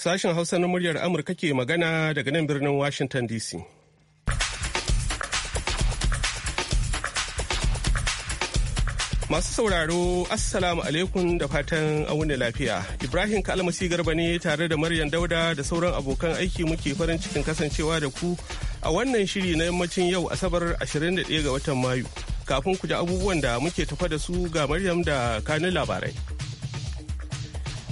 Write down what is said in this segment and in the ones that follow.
Sashen Hausa na muryar Amurka ke magana daga nan birnin Washington DC. Masu sauraro, Assalamu alaikum da fatan auni lafiya. Ibrahim Kalmasi Garba ne tare da Maryam Dauda da sauran abokan aiki muke farin cikin kasancewa da ku a wannan shiri na yammacin yau Asabar 21 ga watan Mayu. Kafin ku ji abubuwan da muke tafa da su ga Maryam da kanun labarai.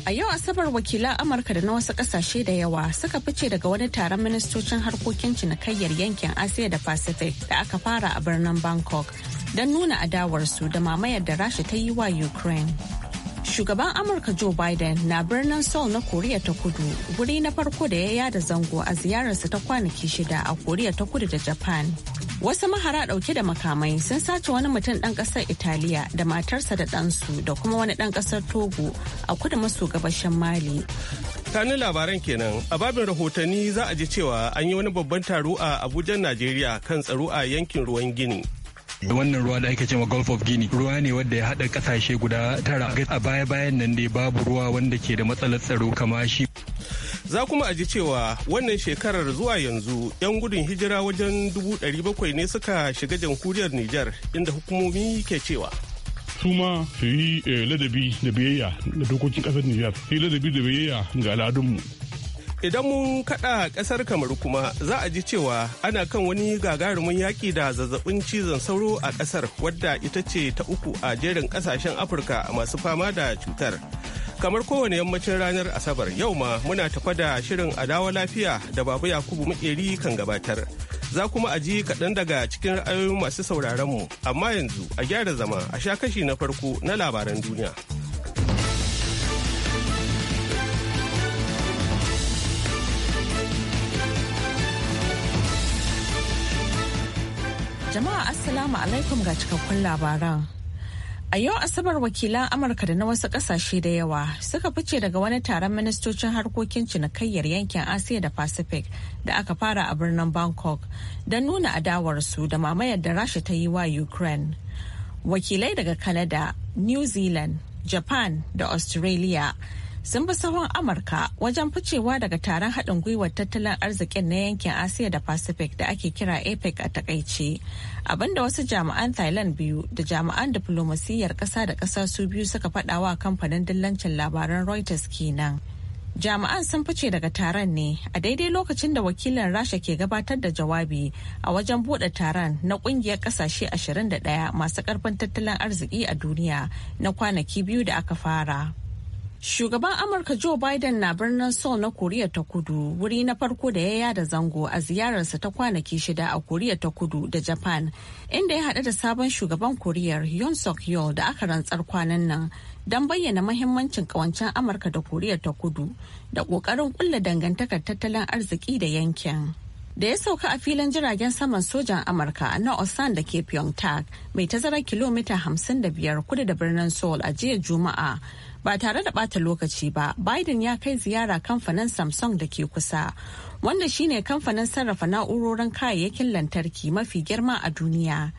A yau Asabar wakilan Amurka da na wasu kasashe da yawa suka fice daga wani taron ministocin harkokin cinikayyar yankin Asia da Pacific da aka fara a birnin Bangkok don nuna adawarsu da mamayar da Rasha ta yi wa Ukraine. Shugaban Amurka Joe Biden na birnin Seoul na Koriya ta Kudu wuri na farko da ya yada zango a ziyararsa ta kwanaki shida a Koriya ta Kudu da Japan. Wasu mahara dauke da makamai sun sace wani mutum dan kasar Italiya da matarsa da ɗansu da kuma wani dan kasar Togo a kudu maso gabashin Mali. Kani labaran kenan a babin rahotanni za a ji cewa an yi wani babban taro a Abuja, Najeriya kan tsaro a yankin ruwan Gini. wannan ruwa da ake cewa Gulf of Guinea ruwa ne wanda ya hada kasashe guda tara a baya-bayan nan dai babu ruwa wanda ke da matsalar tsaro kama shi Za kuma a ji cewa wannan shekarar zuwa yanzu 'yan gudun hijira wajen 700 ne suka shiga jamhuriyar Nijar inda hukumomi ke cewa. su ma su yi eh, ladabi da biyayya da dokokin kasar Nijar, su yi ladabi da biyayya ga al'adunmu. Idan mun kaɗa ƙasar kamar kuma za a ji cewa ana kan wani gagarumin yaƙi da zazzabin cizon sauro a ƙasar wadda ita ce ta uku a jerin ƙasashen Afirka masu fama da cutar. Kamar kowane yammacin ranar Asabar yau ma muna tafa da shirin adawa lafiya da Babu Yakubu Makeri kan gabatar. Za kuma a ji kaɗan daga cikin ra'ayoyin masu sauraronmu, amma yanzu a gyara zama a sha kashi na farko na labaran duniya. Assalamu alaikum ga cikakkun labaran. A yau Asabar wakilan Amurka da na wasu kasashe da yawa suka fice daga wani taron ministocin harkokin cinikayyar yankin Asiya da Pacific da aka fara a birnin Bangkok don nuna adawarsu da mamayar da Rasha ta yi wa Ukraine. Wakilai daga Canada, New Zealand, Japan da Australia sun bi sahun amurka wajen ficewa daga taron haɗin gwiwar tattalin arzikin na yankin asiya da pacific da ake kira apec a takaice abinda wasu jami'an thailand biyu da jami'an diflomasiyyar ƙasa da ƙasa su biyu suka faɗawa kamfanin dillancin labaran reuters kenan jami'an sun fice daga taron ne a daidai lokacin da wakilin rasha ke gabatar da jawabi a wajen buɗe taron na kungiyar kasashe 21 masu ƙarfin tattalin arziki a duniya na kwanaki biyu da aka fara Shugaban Amurka Joe Biden na birnin Seoul na Koriya ta Kudu wuri na farko da ya yada zango a ziyararsa ta kwanaki shida a Koriya ta Kudu da Japan, inda ya haɗu da sabon shugaban Koriyar Yoon Suk Yeol da aka rantsar kwanan nan don bayyana mahimmancin kawancen Amurka da Koriya ta Kudu da ƙoƙarin ƙulla dangantakar tattalin arziki da yankin. da ya sauka a filin jiragen saman sojan amurka na osan da ke pyeongtaek mai tazara kilomita 55 kudu da birnin seoul a jiya juma'a ba tare da bata lokaci ba biden ya kai ziyara kamfanin samsung da ke kusa wanda shine kamfanin sarrafa na'urorin kayayyakin lantarki mafi girma a duniya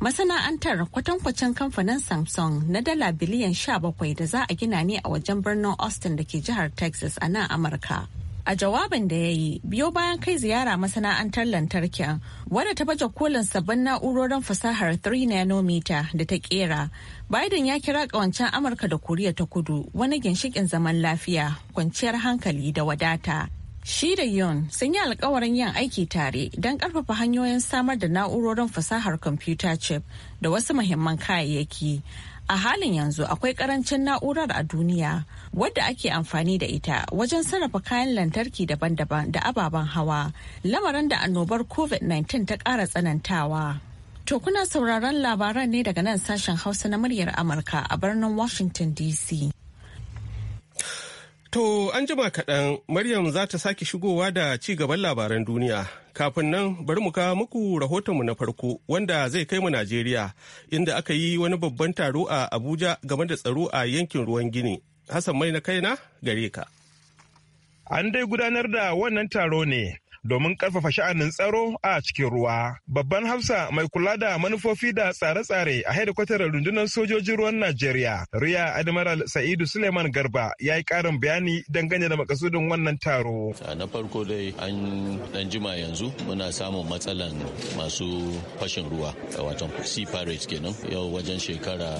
masana'antar kwatankwacin kamfanin samsung na dala biliyan 17 da za a gina ne a wajen birnin austin da ke jihar texas a nan amurka a jawabin da ya yi biyo bayan kai ziyara masana'antar lantarkin wadda ta baje kolin sabbin na'urorin fasahar 3 nanometer da ta kera biden ya kira kawancen amurka da koriya ta kudu wani ginshikin zaman lafiya kwanciyar hankali da wadata Shi da Yun sun yi alkawarin yin aiki tare don karfafa hanyoyin samar da na'urorin fasahar computer chip da wasu muhimman kayayyaki a halin yanzu akwai karancin na'urar a duniya wadda ake amfani da ita wajen sarrafa kayan lantarki daban-daban da ababen hawa lamarin da annobar covid-19 ta ƙara tsanantawa to kuna sauraron labaran ne daga nan sashen hausa na muryar amurka a birnin washington dc To an jima kaɗan Maryam za ta sake shigowa da ci gaban labaran duniya. Kafin nan bari mu kawo muku rahotonmu na farko wanda zai kai mu Najeriya inda aka yi wani babban taro a Abuja game da tsaro a yankin ruwan Gini. Hassan mai na kaina gare ka. An dai gudanar da wannan taro ne domin karfafa sha'anin tsaro a cikin ruwa. Babban Hafsa mai kula da manufofi da tsare-tsare a hedikwatar rundunar sojojin ruwan Najeriya, Riya Admiral Sa'idu Suleiman Garba ya yi karin bayani dangane da makasudin wannan taro. Na farko dai an dan jima yanzu muna samun matsalan masu fashin ruwa, wato sea pirates kenan yau wajen shekara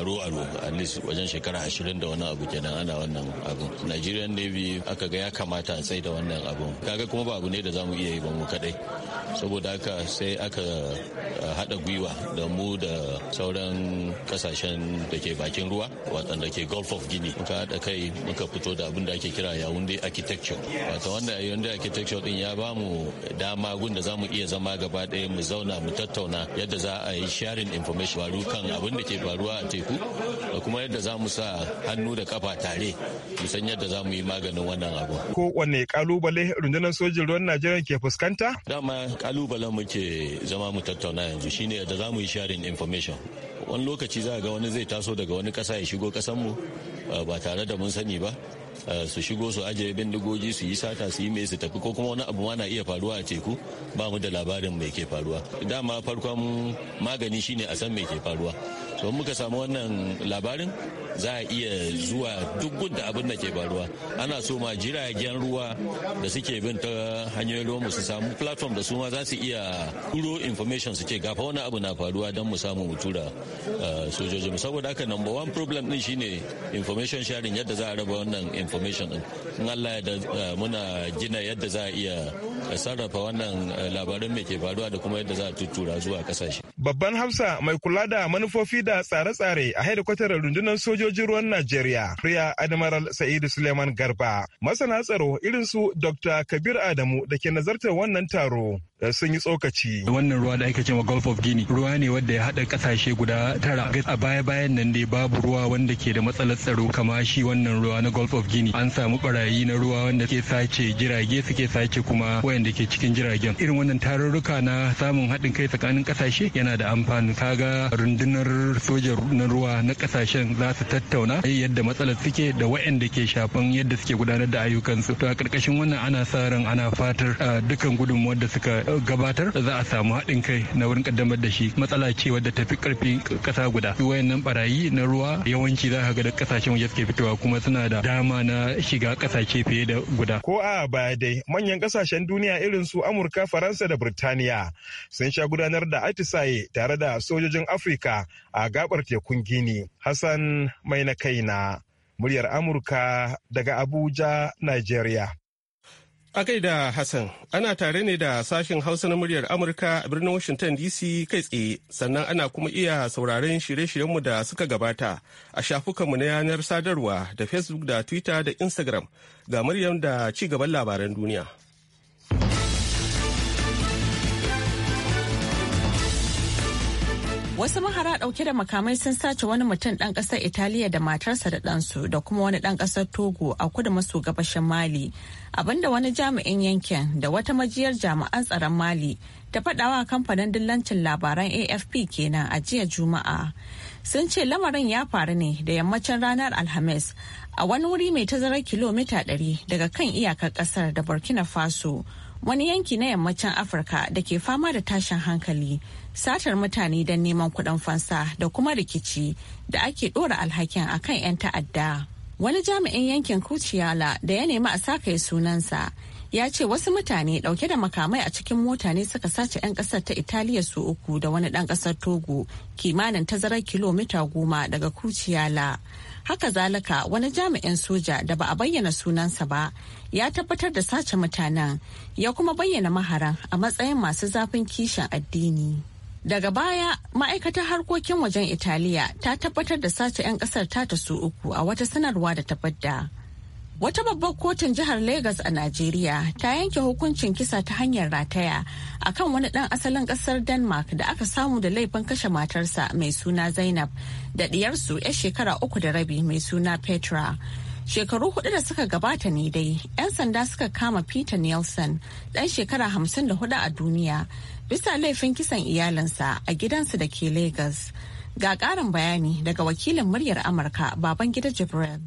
aro-aro at least wajen shekara ashirin da wani abu kenan ana wannan abu. Nigerian Navy aka ga ya kamata a tsaida da wannan abu. Kaga kuma ba abu ne da za mu iya yi ba mu kadai saboda haka sai aka eh, haɗa gwiwa da mu da sauran kasashen da ke bakin ruwa waɗanda ke gulf of guinea muka hada kai muka fito da abin da ake kira yawunde architecture wata wanda yawunde architecture din ya ba mu dama gun da za mu iya zama gaba ɗaya mu zauna mu tattauna yadda za a yi sharing information faru kan abin da ke faruwa a teku da kuma yadda za mu sa hannu da kafa tare mu san yadda za mu yi maganin wannan abu. Ko wanne kalubale rundunar sojin rashin ruwan Najeriya ke fuskanta? Dama kalubalen muke zama mu tattauna yanzu shine da za mu yi sharing information. Wani lokaci za a ga wani zai taso daga wani kasa ya shigo ƙasanmu eh, ba tare da mun sani ba. Eh, su shigo su ajiye bindigogi su yi sata su yi mai su tafi ko kuma wani abu ma na iya faruwa a teku ba mu da labarin mai ke faruwa dama farkon magani shine a san mai ke faruwa to muka samu wannan labarin za a iya zuwa duk gudda abin da ke faruwa ana so ma jiragen ruwa da suke bin ta hanyoyin ruwan su samu platform da su ma za su iya turo information su ce gafa wani abu na faruwa don mu samu mu tura eh, saboda haka number one problem din shine information sharing yadda za a raba wannan information din in Allah ya da eh, muna gina yadda za a iya sarrafa wannan eh, labarin mai ke faruwa da kuma yadda za a tuttura zuwa kasashe babban hafsa mai kula da manufofi da tsare-tsare a hedikwatar rundunar sojoji sojojin ruwan Najeriya, Riya Admiral Sa'idu Suleiman Garba. Masana tsaro irin su Dr. Kabir Adamu da ke nazartar wannan taro Eh, sun yi tsokaci. Wannan ruwa da ake cewa Gulf of Guinea ruwa ne wanda ya hada kasashe guda tara. A baya-bayan nan dai babu ruwa wanda ke da matsalar tsaro kama shi wannan ruwa na Gulf of Guinea. An samu barayi na ruwa wanda ke sace jirage suke sace kuma wayanda ke cikin jiragen. Irin wannan tarurruka na samun haɗin kai tsakanin ƙasashe yana da amfani. Kaga rundunar sojan na ruwa na ƙasashen za su tattauna yadda matsalar suke da wayanda ke shafan yadda suke gudanar da ayyukansu. To a ƙarƙashin wannan ana sa ran ana fatar eh, dukkan gudunmuwar da suka gabatar za a samu haɗin kai na wurin kaddamar da shi matsala ce wadda ta fi ƙarfin ƙasa guda wayannan barayi na ruwa yawanci za ka ga ƙasashen waje suke fitowa kuma suna da dama na shiga ƙasashe fiye da guda ko a baya dai manyan ƙasashen duniya irin su amurka faransa da burtaniya sun sha gudanar da atisaye tare da sojojin afirka a gabar tekun gini hassan mai na kaina muryar amurka daga abuja nigeria Akai da Hassan, ana tare ne da sashen Hausa na muryar Amurka a birnin Washington DC kai tsaye, sannan ana kuma iya sauraron shirye-shiryenmu da suka gabata a shafukanmu na yanar sadarwa da Facebook da Twitter da Instagram ga muryar da ci gaban labaran duniya. Wasu mahara ɗauke da makamai sun sace wani mutum ɗan ƙasar Italiya da matarsa da ɗansu da kuma wani ɗan ƙasar Togo a kudu maso gabashin Mali. Abinda wani jami'in yankin da wata majiyar jami'an tsaron Mali ta faɗawa kamfanin dillancin labaran AFP kenan a jiya Juma'a. Sun ce lamarin ya faru ne da yammacin ranar Alhamis a wani wuri mai tazarar kilomita 100 daga kan iyakar ƙasar da Burkina Faso. wani yanki na yammacin afirka da ke fama da tashin hankali satar mutane don neman kudin fansa da kuma rikici da ake ɗora alhakin a kan 'yan ta'adda wani jami'in yankin kuciyala da ya nemi a sakaye sunansa ya ce wasu mutane dauke da makamai a cikin mota ne suka sace 'yan kasar ta italiya su uku da wani ɗan ƙasar togo kimanin tazarar kilomita goma daga kuciyala haka zalika wani jami'in soja da ba a bayyana sunansa ba ya tabbatar da sace mutanen ya kuma bayyana maharan a matsayin masu zafin kishin addini. Daga baya, ma'aikatar harkokin wajen Italiya ta tabbatar da sace 'yan kasar ta su uku a wata sanarwa da ta fadda. Wata babbar kotun jihar Legas a Najeriya ta yanke hukuncin kisa ta hanyar rataya a kan wani ɗan asalin ƙasar Denmark da aka samu da laifin kashe matarsa mai suna Zainab da ɗiyarsu 'yar shekara uku da rabi mai suna Petra. Shekaru hudu da suka gabata ne dai, 'yan sanda suka kama Peter Nielsen, ɗan shekara hamsin da hudu a duniya, bisa laifin kisan iyalinsa a gidansu da ke Lagos. Ga ƙarin bayani daga wakilin muryar Amurka, baban gida Jibril.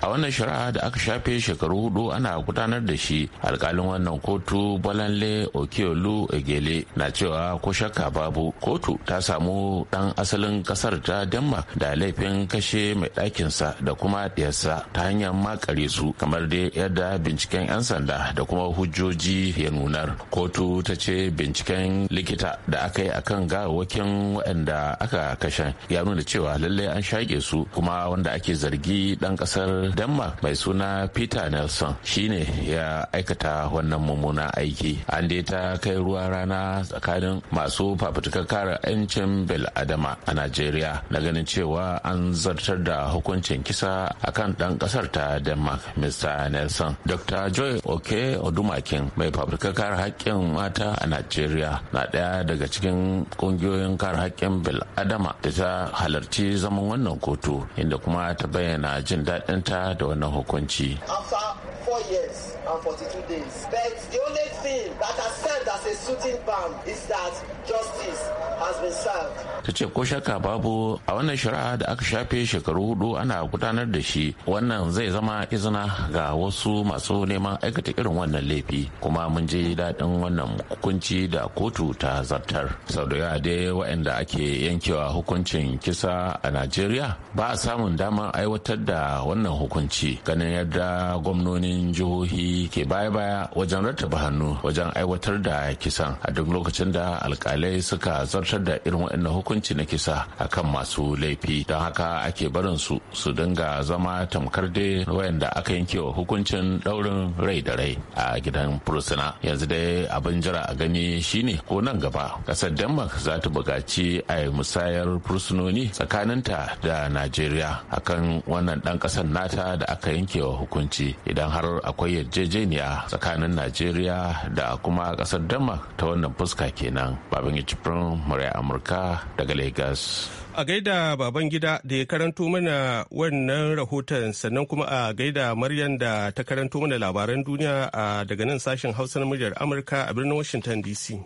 a wannan shari'a da aka shafe shekaru hudu ana gudanar da shi alkalin wannan kotu balanle okeolu egele na cewa ko shakka babu kotu ta samu dan asalin kasar ta denmark da laifin kashe mai ɗakinsa da kuma ɗiyarsa ta hanyar makare su kamar dai yadda binciken 'yan sanda da kuma hujjoji ya nunar kotu ta ce binciken likita da aka yi akan gawakin waɗanda aka kashe ya nuna cewa lallai an shaƙe su kuma wanda ake zargi ɗan ƙasar denmark mai suna peter nelson shine ya aikata wannan mummuna aiki an dai ta kai ruwa rana tsakanin masu fafutukar kare 'yancin adama a najeriya na ganin cewa an zartar da hukuncin kisa akan dan kasar ta denmark mr nelson dr joy oke odumakin mai fafutukar kare haƙƙin mata a najeriya na ɗaya daga cikin ƙungiyoyin kare haƙƙin bil'adama da ta halarci zaman wannan kotu inda kuma ta bayyana jin daɗin After four years and 42 days. But the only thing that has served as a shooting ban is that justice has been served. ta ce ko shaka babu a wannan shari'a da aka shafe shekaru hudu ana gudanar da shi wannan zai zama izina ga wasu masu neman aikata irin wannan laifi kuma mun ji daɗin wannan hukunci da kotu ta zartar sau da yawa dai waɗanda ake yankewa hukuncin kisa a najeriya ba a samun damar aiwatar da wannan hukunci ganin yadda gwamnonin jihohi ke baya-baya wajen rattaba hannu wajen aiwatar da kisan a duk lokacin da alkalai suka zartar da irin waɗannan hukunci hukunci na kisa akan masu laifi don haka ake barin su su dinga zama tamkar dai wayanda aka yanke wa hukuncin daurin rai da rai a gidan fursuna yanzu dai abin jira a gani shine ko nan gaba kasar denmark za ta bugaci a musayar fursunoni tsakaninta da najeriya akan wannan dan kasar nata da aka yanke wa hukunci idan har akwai yarjejeniya tsakanin najeriya da kuma kasar denmark ta wannan fuska kenan babin jibrin murya amurka daga daga Lagos. A gaida baban gida da ya karanto mana wannan rahoton sannan kuma a gaida Maryam da ta karanto mana labaran duniya a daga nan sashen Hausa na muryar Amurka a birnin Washington DC.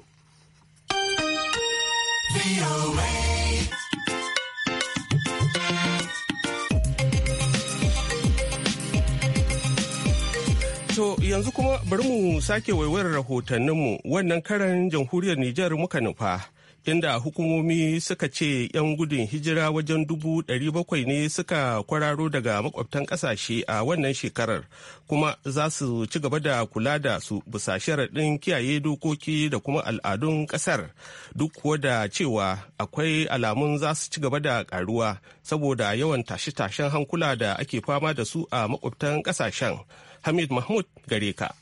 To yanzu kuma bari mu sake waiwar rahotanninmu wannan karan jamhuriyar Nijar muka nufa. inda hukumomi suka ce 'yan gudun hijira wajen dubu 700 ne suka kwararo daga makwabtan kasashe a wannan shekarar kuma za su ci gaba da kula da su bisa sharaɗin kiyaye dokoki da kuma al'adun ƙasar duk kuwa da cewa akwai alamun za su ci gaba da ƙaruwa saboda yawan tashe-tashen hankula da ake fama da su a makwabtan ƙasashen hamid mahmud gare ka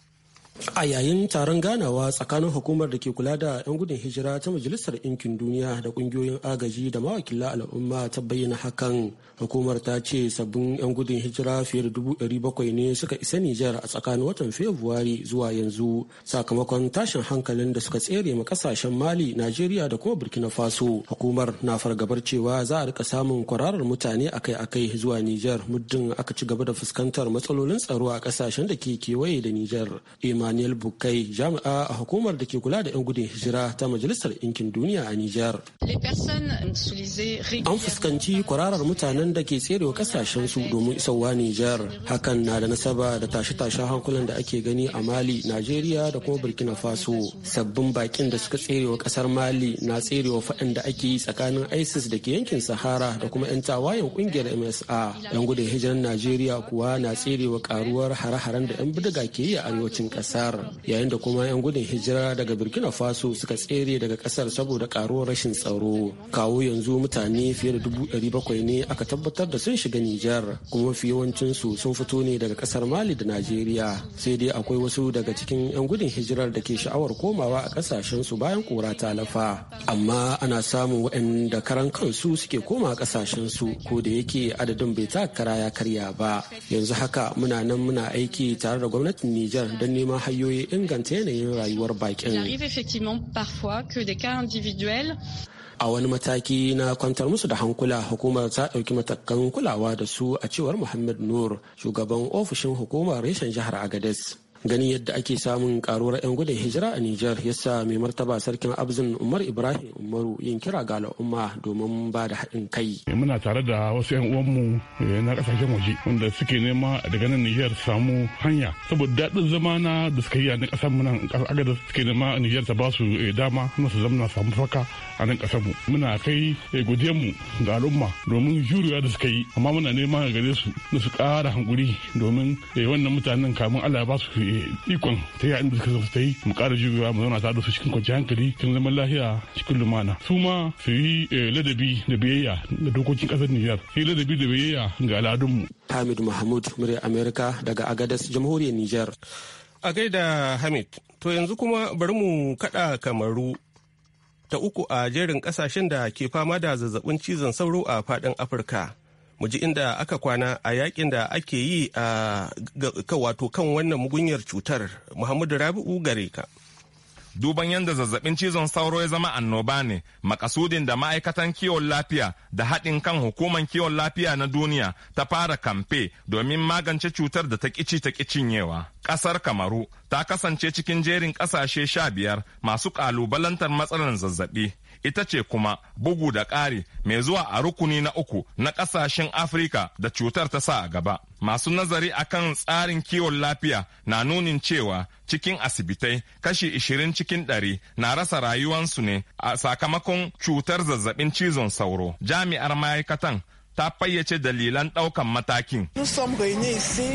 a yayin taron ganawa tsakanin hukumar da ke kula da 'yan gudun hijira ta majalisar ɗinkin duniya da ƙungiyoyin agaji da mawakila al'umma ta bayyana hakan hukumar ta ce sabbin 'yan gudun hijira fiye da dubu ɗari bakwai ne suka isa nijar a tsakanin watan februari zuwa yanzu sakamakon tashin hankalin da suka tsere ma kasashen mali najeriya da kuma burkina faso hukumar na fargabar cewa za a rika samun kwararar mutane akai-akai zuwa nijar muddin aka ci gaba da fuskantar matsalolin tsaro a kasashen da ke kewaye da nijar Emmanuel Bukai jami'a a hukumar da ke kula da 'yan gudun hijira ta Majalisar yankin Duniya a Nijar. An fuskanci kwararar mutanen da ke tserewa su domin isowa Nijar. Hakan na da nasaba da tashe-tashen hankulan da ake gani a Mali, Najeriya da kuma Burkina Faso. Sabbin bakin da suka tserewa kasar Mali na tserewa faɗan da ake yi tsakanin ISIS da ke yankin Sahara da kuma 'yan tawayen kungiyar MSA. 'Yan gudun hijirar Najeriya kuwa na tserewa karuwar hare-haren da 'yan bidiga ke yi a arewacin ƙasa. kasar yayin da kuma 'yan gudun hijira daga burkina faso suka tsere daga ƙasar saboda ƙaruwar rashin tsaro kawo yanzu mutane fiye da dubu ɗari bakwai ne aka tabbatar da sun shiga nijar kuma mafi su sun fito ne daga ƙasar mali da najeriya sai dai akwai wasu daga cikin 'yan gudun hijirar da ke sha'awar komawa a su bayan kura ta lafa amma ana samun waɗanda karan kansu suke koma su ko da yake adadin bai takara ya karya ba yanzu haka muna nan muna aiki tare da gwamnatin nijar don neman hanyoyin inganta yanayin rayuwar bakin. a wani mataki na kwantar musu da hankula hukumar ta ɗauki matakan kulawa da su a cewar muhammad nur shugaban ofishin hukumar reshen jihar agadez ganin yadda ake samun karuwar 'yan gudun hijira a Nijar ya sa mai martaba sarkin Abzin Umar Ibrahim Umaru yin kira ga al'umma domin ba da haɗin kai. Muna tare da wasu 'yan uwanmu eh, na ƙasashen waje wanda suke nema daga nan Nijar samu hanya saboda daɗin zama na da suka yi a ƙasar mu nan suke nema Nijar ta ba su eh, dama kuma su zama samu faka a nan ƙasar mu. Muna kai eh, godiyar mu ga al'umma domin juriya da suka yi amma muna nema gare su da su ƙara hankuri domin wannan mutanen kamun Allah ya ba su ikon ta yi da suka ta yi mu kara juyowa mu zauna tare da su cikin kwanciyar hankali cikin zaman lafiya cikin lumana su ma su yi eh, ladabi da biyayya da dokokin ƙasar Nijar su yi ladabi da biyayya ga al'adunmu. Hamid Mahmud murya Amerika daga Agadas Jamhuriyar Nijar. A gaida Hamid, to yanzu kuma bari mu kaɗa kamaru ta uku a jerin ƙasashen da ke fama da zazzabin cizon sauro a faɗin Afirka. mu ji inda aka kwana a yakin da ake yi a wato kan wannan mugunyar cutar muhammadu rabi'u gare ka duban yadda zazzabin cizon sauro ya zama annoba ne makasudin da ma'aikatan kiwon lafiya da haɗin kan hukuman kiwon lafiya na duniya ta fara kamfe domin magance cutar da ta ƙici ta ƙicinyewa. kasar Kamaru ta kasance cikin jerin kasashe sha biyar masu kalubalantar matsalar zazzabi Ita ce kuma bugu da ƙari mai zuwa a rukuni na uku na ƙasashen Afirka da cutar ta sa a gaba. Masu nazari a kan tsarin kiwon lafiya na nunin cewa cikin asibitai kashi ishirin cikin ɗari na rasa rayuwansu ne a sakamakon cutar zazzabin cizon sauro. Jami'ar ma'aikatan ta fayyace dalilan ɗaukan matakin.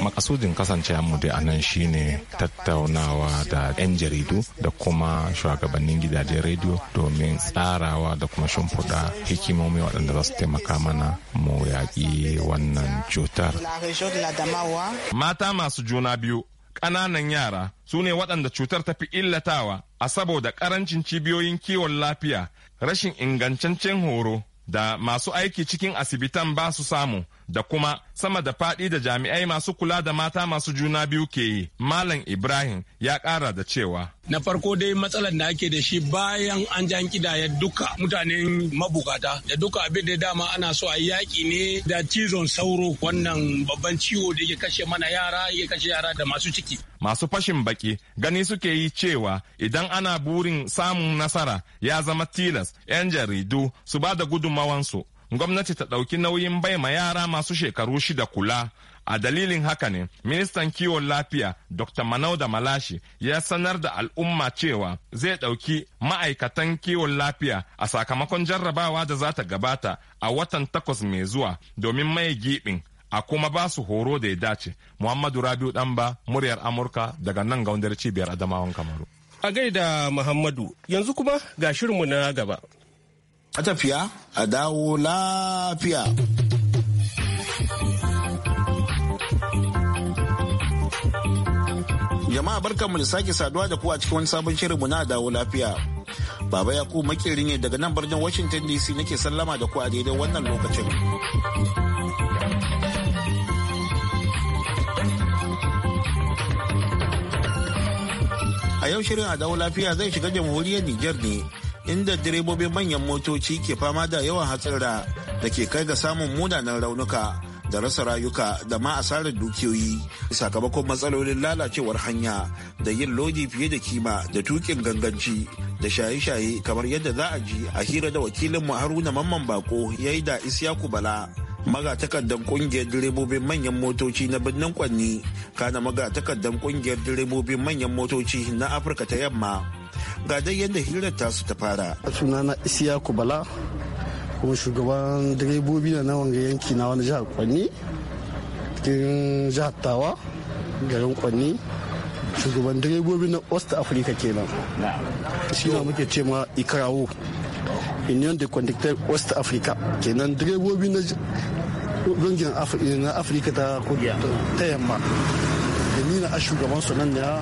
Makasudin kasance mu dai anan shine tattaunawa da 'yan jaridu da kuma shugabannin gidajen rediyo domin tsarawa da kuma shimfiɗa hikimomi waɗanda za su taimaka mana mu yaƙi wannan cutar. Mata masu juna biyu ƙananan yara su ne waɗanda cutar ta fi illatawa a saboda ƙarancin cibiyoyin kiwon lafiya rashin ingancancen horo da masu aiki cikin asibitan ba su samu da kuma sama da faɗi da jami'ai masu kula da mata masu juna biyu ke yi malam ibrahim ya ƙara da cewa na farko dai matsalar da ake da shi bayan an jan kidaya duka mutanen mabukata da duka abin da dama ana so a yaki ne da cizon sauro wannan babban ciwo da yake kashe mana yara yake kashe yara da masu ciki masu fashin baki gani suke yi cewa idan ana burin samun nasara ya zama tilas 'yan jaridu su ba da gudunmawansu gwamnati ta ɗauki nauyin bai ma yara masu shekaru shida kula a dalilin haka ne ministan kiwon lafiya dr manauda malashi ya sanar da al'umma cewa zai ɗauki ma'aikatan kiwon lafiya a sakamakon jarrabawa da za ta gabata a watan takwas mai zuwa domin mai giɓin a kuma ba su horo da ya dace muhammadu rabiu ɗanba muryar amurka daga nan ga cibiyar adamawan kamaru a gaida muhammadu yanzu kuma ga shirinmu na gaba a tafiya a dawo lafiya. Jama'a barkanmu da sake saduwa da ku a cikin wani sabon shirinmu na dawo lafiya. Baba Yakubu makeri ne daga nan birnin Washington DC nake sallama da ku a daidai wannan lokacin. a yau shirin a dawo lafiya zai shiga jamhuriyar Nijar ne inda direbobin manyan motoci ke fama da yawan hatsira da ke kai ga samun munanan raunuka da rasa rayuka da ma asarar dukiyoyi sakamakon matsalolin lalacewar hanya da yin lodi fiye da kima da tukin ganganci da shaye-shaye kamar yadda za a ji a hira da wakilinmu haruna mamman bako ya yi da isyaku bala magatakardar kungiyar direbobin manyan motoci na birnin kwanni kana magatakardar kungiyar direbobin manyan motoci na afirka ta yamma Ga dai yadda hirar tasu ta fara. Sunana isiya kubala kuma shugaban direbobi na nawan ga yanki na wani jihar Kwanni, cikin jihar Tawa, garin Kwanni. Shugaban direbobi na West Africa kenan. Shi na muke ce ma Ikarawo. Union de Conducteurs West Africa kenan direbobi na rungin afirka ta yamma da nina a shugaban su nan ya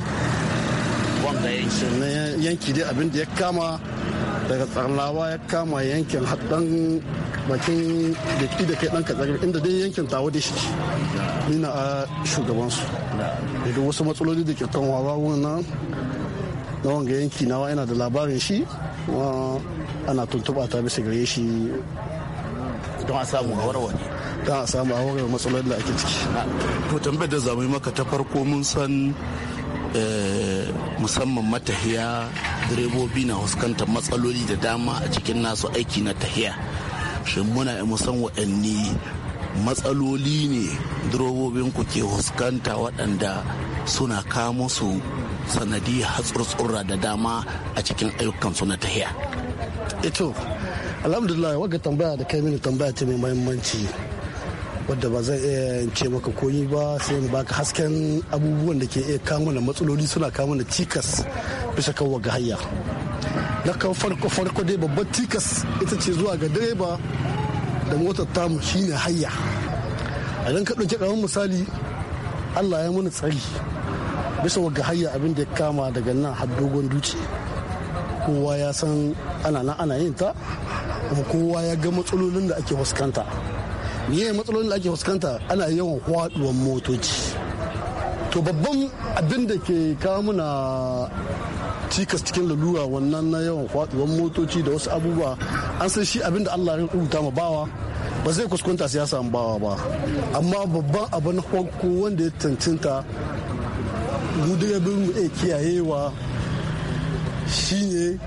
wanga yanki na yanki dai abin da ya kama daga tsarnawa ya kama yankin haɗin bakin da ki da kai ɗan katsari inda dai yankin tawo da shi Ni na a shugabansu da wasu matsaloli da ke kan wawa wannan na wanga yanki nawa yana da labarin shi ana tuntuɓa ta bisa gare shi don a samu a warware don a samu a warware matsalolin da ake ciki to tambayar da zamu maka ta farko mun san Eh, musamman matahiya direbobi na fuskantar matsaloli da dama a cikin nasu aiki na tahiya shin muna musan waɗanne matsaloli ne direbobin ku ke fuskanta waɗanda suna kamo su sanadi hatsurtsura da dama a cikin ayyukansu na tahiya ito eh alhamdulillah waga tambaya da kai mini tambaya ce mai mahimmanci wadda ba zan iya ce maka koyi ba sai in baka hasken abubuwan da ke iya kawo mana matsaloli suna kawo mana cikas bisa kan waga hanya na kan farko farko dai babban cikas ita ce zuwa ga direba da motar tamu shine hanya a dan ka ɗauki ƙaramin misali allah ya mana tsari bisa waga hanya abin da ya kama daga nan har dogon duci kowa ya san ana nan ana yin ta kuma kowa ya ga matsalolin da ake fuskanta miye matsalolin da ake fuskanta ana yawan faduwan motoci to babban abin da ke kawo muna cikas cikin lalura wannan na yawan faduwan motoci da wasu abubuwa an san shi abin da allah ya rubuta ma bawa ba zai kuskunta siyasa bawa ba amma babban abin na wanda ya cancanta mu daga mu iya kiyayewa shine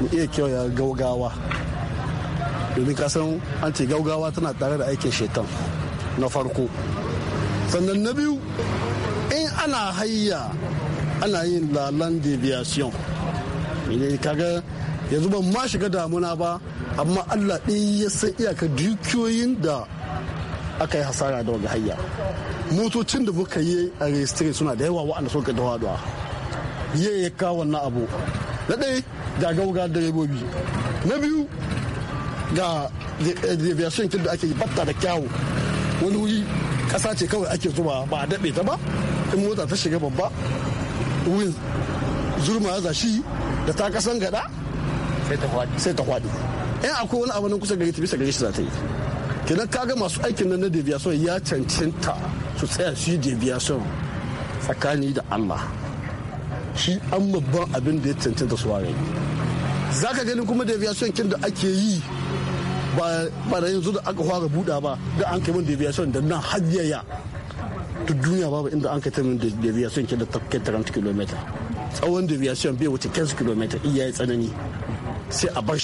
mu iya kiyaye gaugawa domin kasan an ce gaugawa tana tare da aikin shetan na farko sannan na biyu in ana hayya ana yin lalan deviation kaga yanzu ban ma shiga damuna ba amma allah ɗaya ya san iyaka dukiyoyin da aka yi hasara da wani hayya motocin da muka yi a registry suna da yawa waɗanda suka da waduwa ya kawo wannan abu na ɗaya ga gauga direbobi na biyu ga deviation eh, tun da ake yi batta da kyawu wani wuri kasa ce kawai ake zuma ba a daɗe ta ba in mota ta shiga babba wurin zurma za shi da ta kasan gada sai ta kwaɗi in akwai wani abu nan kusa gari ta bisa gari shi za ta yi kenan kaga masu aikin nan na deviation ya cancanta su tsaya su yi deviation tsakani da allah shi an babban abin da ya cancanta su ware za ka gani kuma deviation kin da ake yi ba da yanzu da aka fara buɗa ba da an kai min deviation da nan hajjaya duk duniya babu inda an kai min deviation ke da tafkin 30 km tsawon deviation bai wuce 15 km iya ya tsanani sai a bar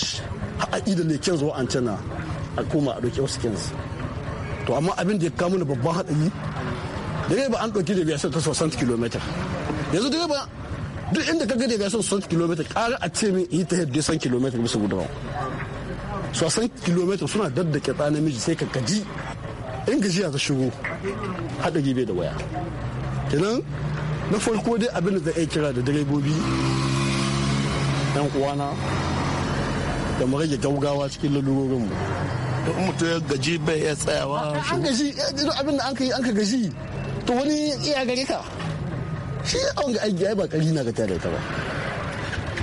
a da leken zuwa an cana a koma a ɗauki wasu kins to amma abin da ya kawo mana babban haɗari ba an ɗauki deviation ta 60 km yanzu da ba duk inda ka ga deviation 60 km ƙara a ce min yi ta yadda 100 km bisa gudawa sosan kilometer suna daddake ɗa namiji sai ka gaji in gajiya ta shigo haɗa gibe da waya kenan na farko dai abin da zai kira da direbobi yan uwana da mu rage gaugawa cikin lalurorinmu in mutum ya gaji bai iya tsayawa an gaji eh, abin da an ka gaji to wani iya gare ka shi an ga aiki ba kari na ga tare ta ba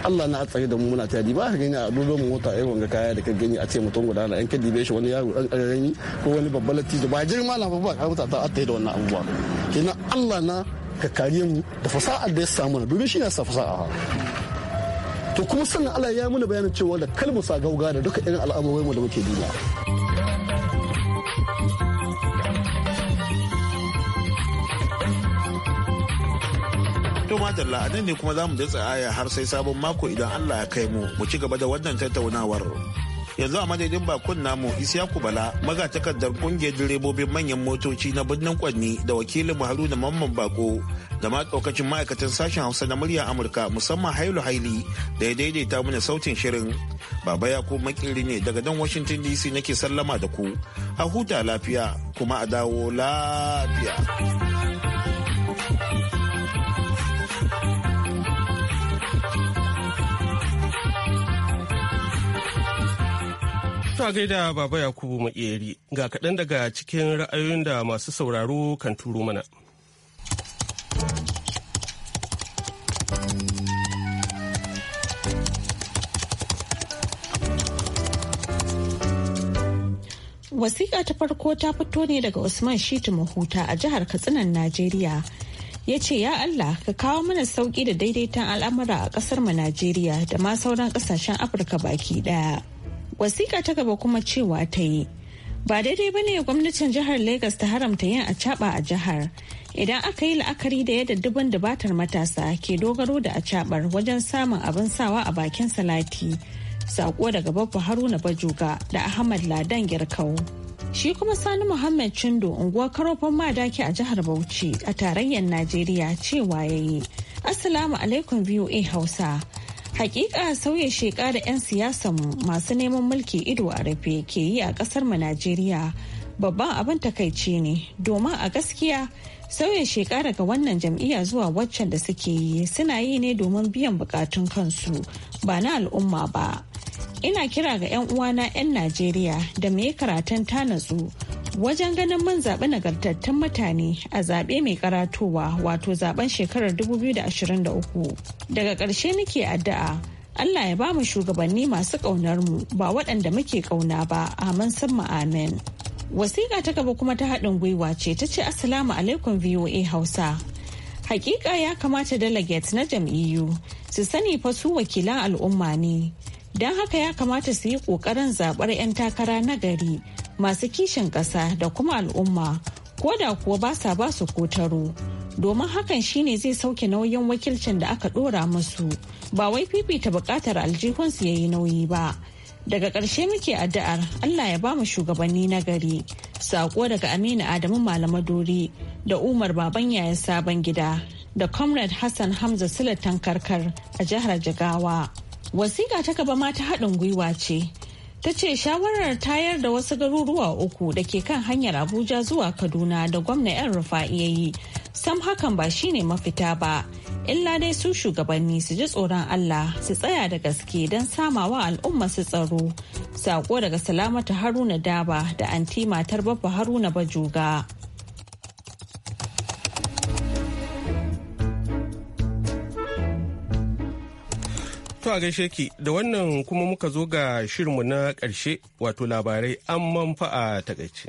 Allah na tsaye da mu muna ta ba ka gani a dodo mu mota irin eh, wanga kaya da ka gani a ce mutum guda na yan ka be shi wani yaro dan karami ko wani babban latijo ba ma na ba ka a ta da wannan abubuwa kenan Allah na ka kare mu da fasaha da ya samu na domin shi ne sa fasaha to kuma sannan Allah ya muna bayanin cewa da kalmusa gauga da duka irin al'amuran mu da muke duniya To madalla a nan ne kuma za mu da aya har sai sabon mako idan Allah ya kai mu mu ci gaba da wannan tattaunawar. Yanzu a madadin bakun namu Isiyaku Bala magatakardar kungiyar direbobin manyan motoci na birnin Kwanni da wakilin Haruna Mamman Bako da ma ɗaukacin ma'aikatan sashen Hausa na murya Amurka musamman Hailu Haili da ya daidaita mana sautin shirin. Baba ya ku makiri ne daga nan Washington DC nake sallama da ku. A huta lafiya kuma a dawo lafiya. Ta gaida Baba Yakubu Makeri ga kaɗan daga cikin ra'ayoyin da masu sauraro kan turo mana. Wasiƙa ta farko ta fito ne daga Usman Shitu Mahuta a jihar Katsinan, Najeriya. ya ce ya Allah ka kawo mana sauƙi da daidaiton al'amura a ƙasar mu Najeriya da ma sauran ƙasashen Afirka baki ɗaya. wasiƙa ta gaba kuma cewa ta yi ba daidai ba ne gwamnatin jihar lagos ta haramta yin a a jihar idan aka yi la'akari da yadda dubban dubatar matasa ke dogaro da a wajen samun abin sawa a bakin salati saƙo daga babba haruna bajuga da ahmad ladan girkau shi kuma sani muhammad chindo unguwar karofan madaki a jihar bauchi a tarayyar najeriya cewa ya yi assalamu alaikum voa hausa Hakika sauya sheka da 'yan siyasanmu masu neman mulki ido a rufe ke yi a kasar mu Najeriya babban abin takaici ne domin a gaskiya sauya sheka daga wannan jam'iyya zuwa waccan da suke yi suna yi ne domin biyan bukatun kansu ba na al'umma ba. ina kira ga 'yan uwana 'yan najeriya da mai karatan karatun ta natsu wajen ganin mun zaɓi nagartattun mutane a zaɓe mai karatowa wato zaben shekarar 2023 daga ƙarshe nake addu'a allah ya ba mu shugabanni masu ƙaunar mu ba waɗanda muke ƙauna ba amin sun amen wasiƙa ta gaba kuma ta haɗin gwiwa ce ta ce assalamu alaikum voa hausa hakika ya kamata delegates na jam'iyyu su sani fa su wakilan al'umma ne Don haka ya kamata su yi ƙoƙarin zaɓar 'yan takara na gari masu kishin ƙasa da kuma al'umma ko da kuwa ba sa ba su kotaro. Domin hakan shine zai sauke nauyin wakilcin da aka ɗora musu ba wai fifita buƙatar aljihunsu ya yi nauyi ba. Daga ƙarshe muke addu'ar Allah ya ba mu shugabanni na gari. Sako daga Aminu Adamu Malamadori da Umar Baban Yayan Sabon Gida da Comrade Hassan Hamza Silatan Karkar a jihar Jigawa. Wasiƙa ta gaba ma ta haɗin gwiwa ce. Ta ce shawarar tayar da wasu garuruwa uku da ke kan hanyar Abuja zuwa Kaduna da gwamna 'yan rufa yi, sam hakan ba shine mafita ba. Illa dai su shugabanni su ji tsoron Allah su tsaya da gaske don samawa al'umma su tsaro. Sako daga salamata Haruna Daba da anti matar babba Haruna Bajoga. a gaishe ki da wannan kuma muka zo ga shirinmu na ƙarshe wato labarai an manfa a takaice.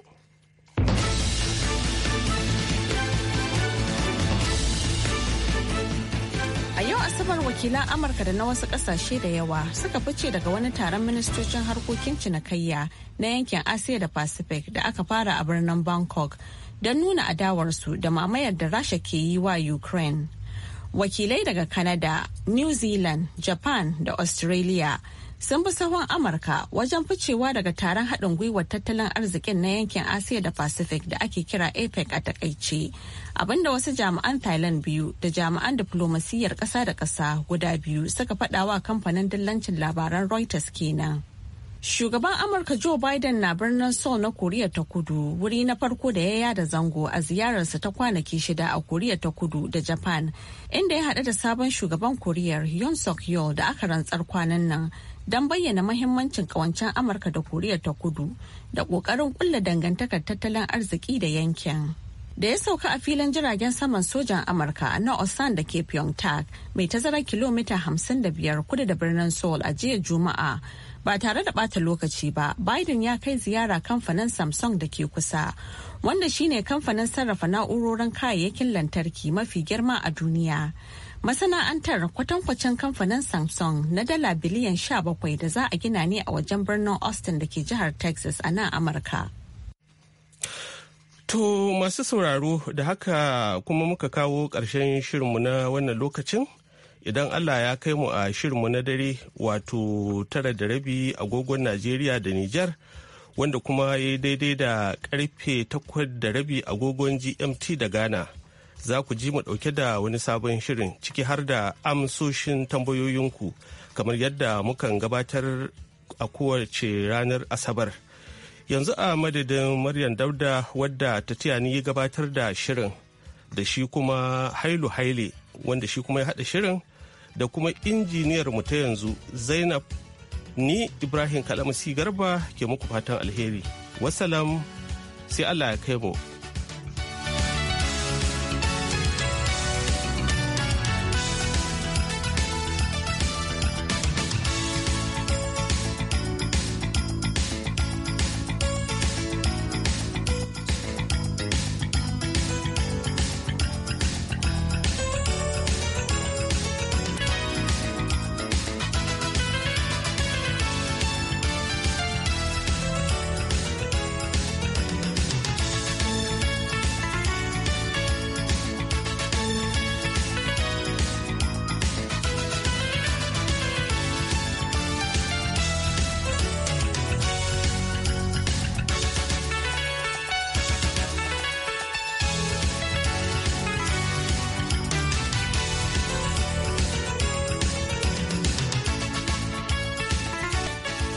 A yau Asabar wakilan Amurka da na wasu ƙasashe da yawa suka fice daga wani taron ministocin harkokin cinikayya na yankin Asiya da Pacific da aka fara a birnin Bangkok don nuna adawarsu da mamayar da Rasha ke yi wa Ukraine. wakilai daga Canada, New Zealand, Japan da Australia sun bi sahun Amurka wajen ficewa daga taron haɗin gwiwar tattalin arzikin na yankin Asiya da Pacific da ake kira APEC a takaice. Abinda wasu jami'an Thailand biyu da jami'an diflomasiyyar ƙasa da ƙasa guda biyu suka faɗawa kamfanin dillancin labaran Reuters kenan. Shugaban Amurka Joe Biden na birnin Seoul na Koriya ta Kudu wuri na farko da ya yada zango a ziyararsa ta kwanaki shida a Koriya ta Kudu da Japan, inda ya haɗu da sabon shugaban Koriyar Yoon Suk Yeol da aka rantsar kwanan nan don bayyana mahimmancin kawancen Amurka da Koriya ta Kudu da ƙoƙarin ƙulla dangantakar tattalin arziki da yankin. da ya sauka a filin jiragen saman sojan amurka na osan da ke Pyongyang mai tazara kilomita 55 kudu da birnin seoul a jiya juma'a ba tare da bata lokaci ba biden ya kai ziyara kamfanin samsung da ke kusa wanda shine kamfanin sarrafa na'urorin kayayyakin lantarki mafi girma a duniya masana'antar kwatankwacin kamfanin samsung na dala biliyan 17 da za a gina ne a wajen birnin austin da ke jihar texas a nan amurka To masu sauraro da haka kuma muka kawo ƙarshen shirinmu na wannan lokacin idan Allah ya kai mu a shirinmu na dare wato tara da rabi agogon Najeriya da Nijar wanda kuma ya yi daidai da karfe takwas da rabi agogon GMT da Ghana. Za ku ji mu dauke da wani sabon shirin ciki har da amsoshin tambayoyinku kamar yadda mukan gabatar a kowace ranar Asabar. Yanzu a madadin Maryam Dauda wadda ta ya gabatar da shirin da shi kuma Hailu Haile wanda shi kuma ya haɗa shirin da kuma injiniyar mu ta yanzu zainab ni ibrahim kalamasi garba ke muku fatan alheri wasalam sai allah ya kai mu